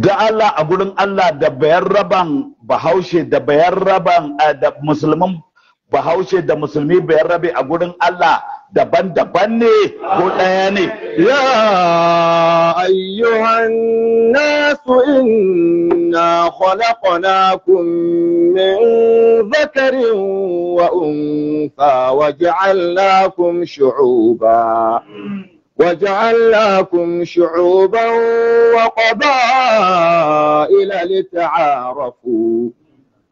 da Allah a gurin Allah da bayan raban bahaushe da bayan raban eh, da musulmin bahaushe da musulmi bayan rabi a gurin Allah daban-daban ne ko ɗaya ne ya ayyuhan nasu inna khalaqnakum min dhakarin wa untha waja'alnakum shu'uba وجعلناكم شعوبا وقبائل لتعارفوا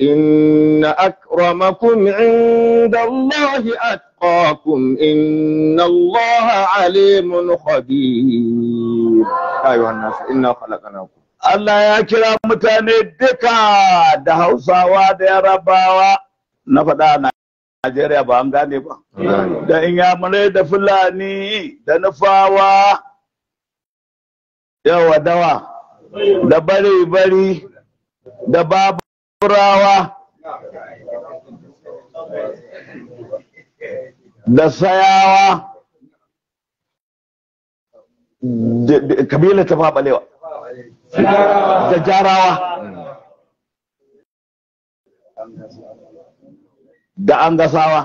إن أكرمكم عند الله أتقاكم أتقاكم إن الله عليم خبير أيها الناس إنا خلقناكم Allah ya kira mutane duka da Hausawa da Yarabawa na faɗa Najeriya ba an gane ba. Da Inyamurai da Fulani da Nufawa yawa dawa da bari-bari da baburawa da sayawa kabila ta faɓalewa da jarawa da an gasawa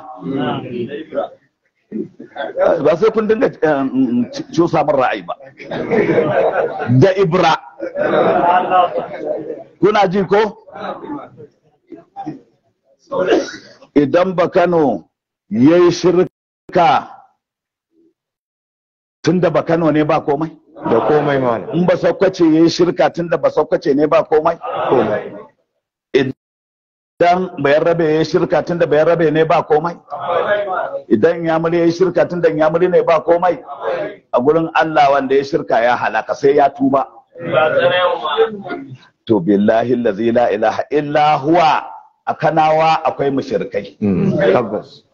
ba sai kun dinga eh, cusa min ra'ayi ba da ibra kuna ji ko idan ba kano ya yi shirka ka tun da bakano ne ba komai da komai ma. in ba saukwace ya yi shirka tun da ba saukwace ne ba komai komai idan bayan rabe ya yi shirka tun da bayan rabe ne ba komai idan yamuri ya yi shirka tun da yamuri ne ba komai a gurin Allah wanda ya shirka ya halaka sai ya tuba to billahi lazi la ilaha illa huwa a kanawa akwai mushirkai mm, tabbas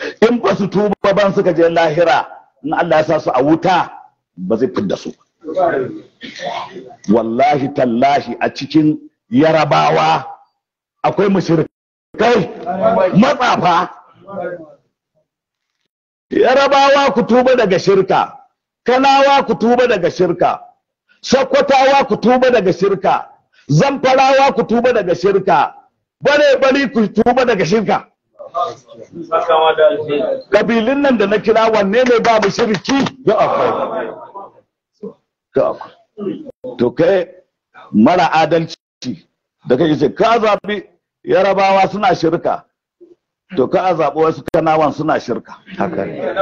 in ba su tuba ban suka je lahira in Allah ya sa su a wuta ba zai fidda su wallahi tallahi a cikin yarabawa akwai mushrikai matsafa yarabawa ku tuba daga shirka kanawa ku tuba daga shirka sakkwatawa ku tuba daga shirka zamfarawa ku tuba daga shirka bare bari ku tuba daga shirka Kabilin nan da na kira wanne ne ba mu shirki da akwai. To kai mara adalci da kai ce ka zaɓi yarabawa suna shirka. To ka a zaɓi wasu kanawan suna shirka. Haka ne.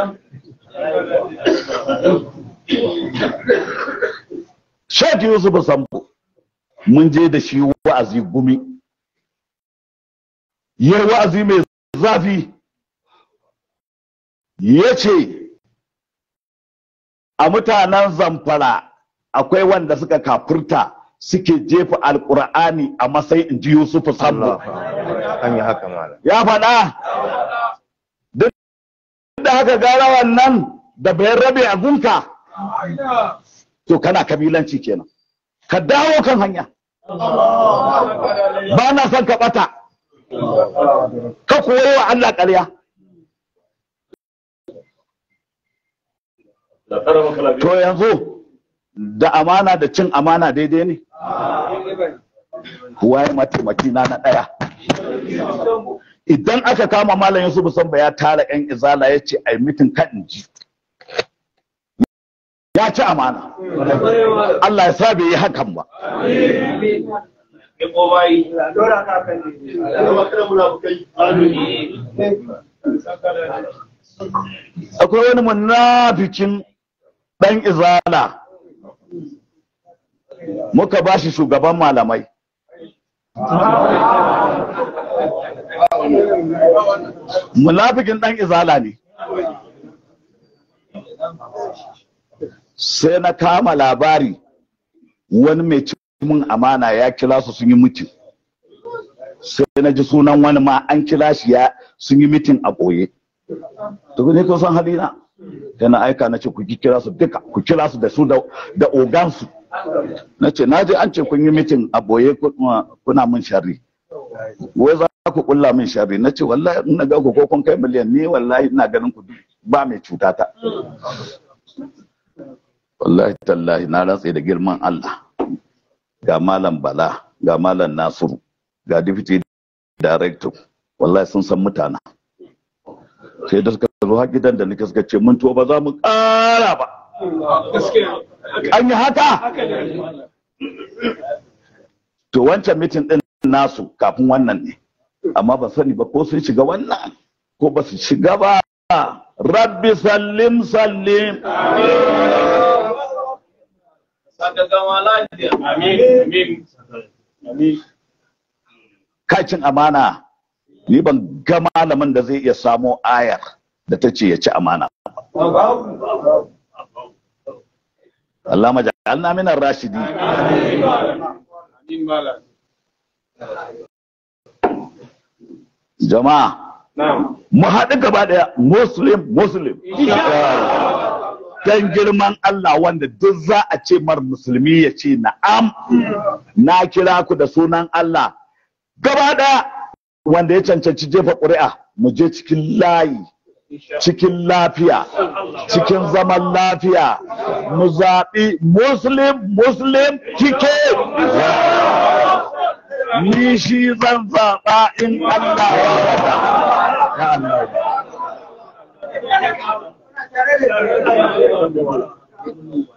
Shaki Yusuf Sambo mun je da shi wa'azi gumi. Yar wa'azi mai zafi ya ce a mutanen zamfara akwai wanda suka kafurta suke jefa alkur'ani a matsayin inji yusufu sambo ya faɗa duk da haka gara wannan da bayan rabe a gunka to kana kabilanci kenan ka dawo kan hanya ba na son ka ɓata ka koyi wa Allah ƙarya to yanzu da amana da cin amana daidai ne yi mataimaki na na ɗaya idan aka kama malam yusuf ba ya tara yan izala ya ce ai mitin kan ji ya ci amana Allah ya sa bai yi hakan ba akwai wani munafikin ɗan izala muka ba shi shugaban malamai munafikin ɗan izala ne sai na kama labari wani mai mun amana ya kira su sun yi mutum sai na ji sunan wani ma an kira shi ya sun yi mutum a ɓoye to ne kun san halina sai na aika na ce ku kira su duka ku kira su da su da ogansu na ce na ji an ce kun yi mutum a ɓoye kuna mun shari wai za ku kulla min shari na ce wallahi in na ga ku ko kun kai miliyan ni wallahi ina ganin ku ba mai cuta ta wallahi tallahi na rantse da girman Allah ga malam bala ga malam nasiru ga deputy director wallahi sun san mutana sai da suka zo ha gidan da nake suka ce mun to ba za mu ƙara ba an yi haka to wancan mitin din nasu kafin wannan ne amma ba sani ba ko sun shiga wannan ko ba su shiga ba rabbi sallim sallim ka kacin amana ni ban ga malamin da zai iya samo ayar da ta ce ya ci amana ba. Allah majal na minar rashidi. Jama'a, mu haɗu gaba ɗaya Muslim, Muslim. dan girman Allah wanda duk za a ce mar musulmi ya ce na'am na kira ku da sunan Allah gaba ɗaya wanda ya cancanci jefa ƙuri'a mu je cikin layi cikin lafiya cikin zaman lafiya mu zaɓi muslim muslim kike ni shi zan zaɓa in Allah ya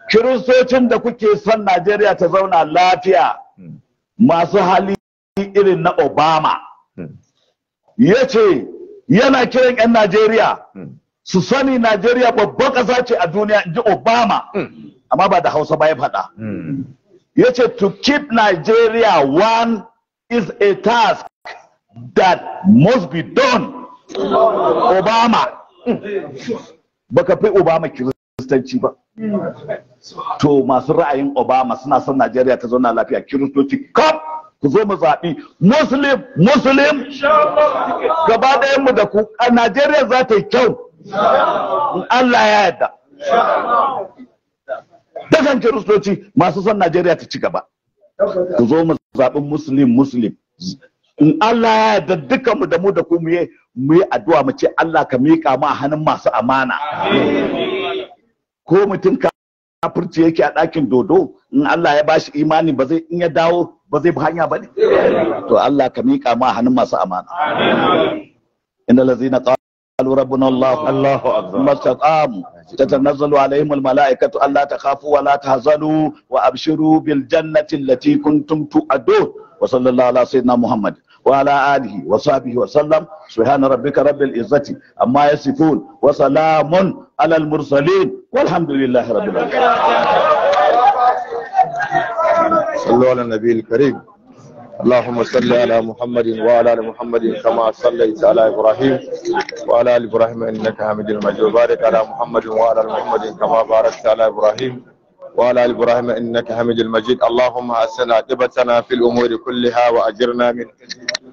kiristocin da kuke son najeriya ta zauna lafiya masu hali irin na obama ya ce yana kiran 'yan najeriya su sani najeriya babban ƙasa ce a duniya in ji obama amma ba da hausa ba ya faɗa ya ce to keep nigeria one is a task that must be done obama baka fi obama kiristanci ba to masu ra'ayin obama suna son najeriya ta zauna lafiya kiristoci kaf ku zo mu zaɓi muslim muslim gaba ɗayan mu da ku a najeriya za ta yi kyau allah ya yarda dukan kiristoci masu son najeriya ta ci gaba ku zo mu zaɓi muslim muslim in Allah ya yarda duka mu da mu da ku mu yi addu'a mu ce Allah ka miƙa mu a hannun masu amana ko mutum ka kafirci yake a ɗakin dodo in Allah ya bashi imani ba zai in ya dawo ba zai bi hanya ba ne to Allah ka miƙa mu a hannun masu amana inna lazina قالوا ربنا الله الله اكبر ما استقاموا تتنزل عليهم الملائكه الا تخافوا ولا تحزنوا وابشروا بالجنه التي كنتم تؤدون وصلى الله على سيدنا محمد وعلى آله وصحبه وسلم سبحان ربك رب العزة أما يصفون وسلام على المرسلين والحمد لله رب العالمين صلوا على النبي الكريم اللهم صل على محمد وعلى ال محمد كما صليت على ابراهيم وعلى ال ابراهيم انك حميد مجيد وبارك على محمد وعلى ال محمد كما باركت على ابراهيم وعلى آل إبراهيم إنك حميد المجيد اللهم أحسن عاقبتنا في الأمور كلها وأجرنا من